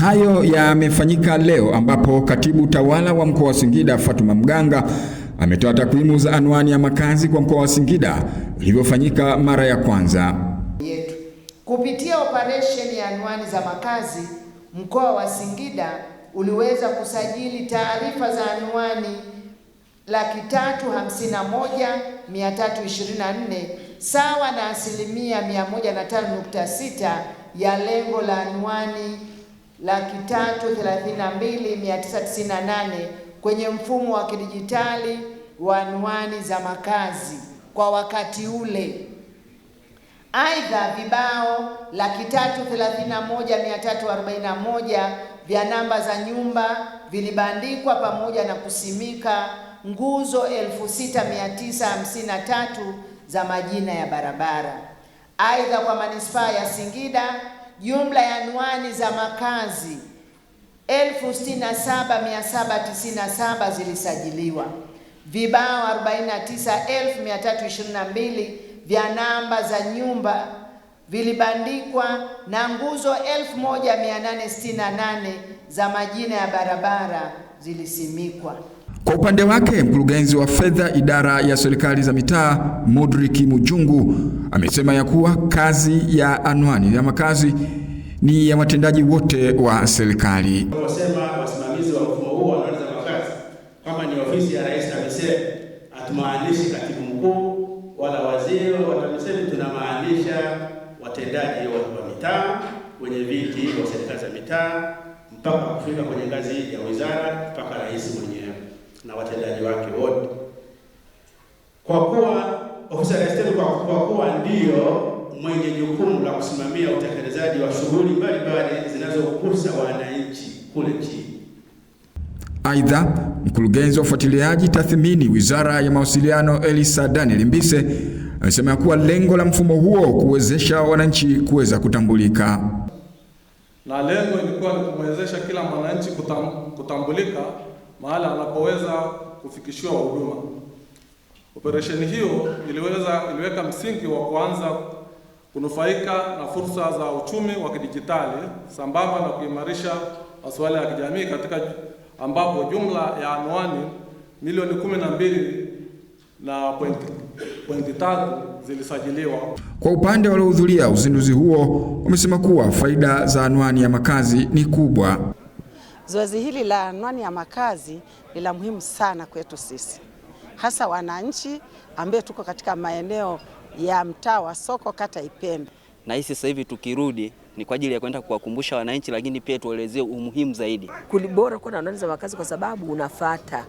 Hayo yamefanyika leo ambapo katibu tawala wa mkoa wa Singida Fatuma Mganga ametoa takwimu za anwani ya makazi kwa mkoa wa Singida ilivyofanyika mara ya kwanza yetu. Kupitia operesheni ya anwani za makazi, mkoa wa Singida uliweza kusajili taarifa za anwani laki tatu hamsini na moja mia tatu ishirini na nne sawa na asilimia mia moja na tano nukta sita ya lengo la anwani laki tatu thelathini na mbili mia tisa tisini na nane kwenye mfumo wa kidijitali wa anwani za makazi kwa wakati ule. Aidha, vibao laki tatu thelathini na moja mia tatu arobaini na moja vya namba za nyumba vilibandikwa pamoja na kusimika nguzo elfu sita mia tisa hamsini na tatu za majina ya barabara. Aidha, kwa manispaa ya Singida jumla ya anwani za makazi 67797 zilisajiliwa, vibao 49322 vya namba za nyumba vilibandikwa na nguzo 1868 za majina ya barabara zilisimikwa. Kwa upande wake mkurugenzi wa fedha idara ya serikali za mitaa Mudriki Mujungu amesema ya kuwa kazi ya anwani ya makazi ni ya watendaji wote wa serikali. Wasema wasimamizi wa mfumo huu wanaweza za makazi kama ni ofisi ya rais TAMISEMI, hatumaanishi katibu mkuu wala waziri wa TAMISEMI, tunamaanisha watendaji wa mitaa, wenye viti wa serikali za mitaa, mpaka kufika kwenye ngazi ya wizara mpaka rais mwenyewe na watendaji wake wote, kwa kuwa ofisi ya Rais kwa kuwa ndiyo mwenye jukumu la kusimamia utekelezaji wa shughuli mbalimbali zinazogusa wananchi kule chini. Aidha, mkurugenzi wa ufuatiliaji tathmini Wizara ya Mawasiliano Elisa Daniel Mbise amesema kuwa lengo la mfumo huo kuwezesha wananchi kuweza kutambulika, na lengo ilikuwa ni kumwezesha kila mwananchi kutam, kutambulika mahala anapoweza kufikishiwa huduma. Operesheni hiyo iliweza iliweka msingi wa kuanza kunufaika na fursa za uchumi wa kidijitali sambamba na kuimarisha masuala ya kijamii katika ambapo jumla ya anwani milioni kumi na mbili na pointi tatu zilisajiliwa. Kwa upande waliohudhuria uzinduzi huo wamesema kuwa faida za anwani ya makazi ni kubwa. Zoezi hili la anwani ya makazi ni la muhimu sana kwetu sisi, hasa wananchi ambaye tuko katika maeneo ya mtaa wa soko kata Ipembe. Na hisi sasa hivi tukirudi ni kwa ajili ya kwenda kuwakumbusha wananchi, lakini pia tuelezee umuhimu zaidi kulibora kuwa na anwani za makazi, kwa sababu unafata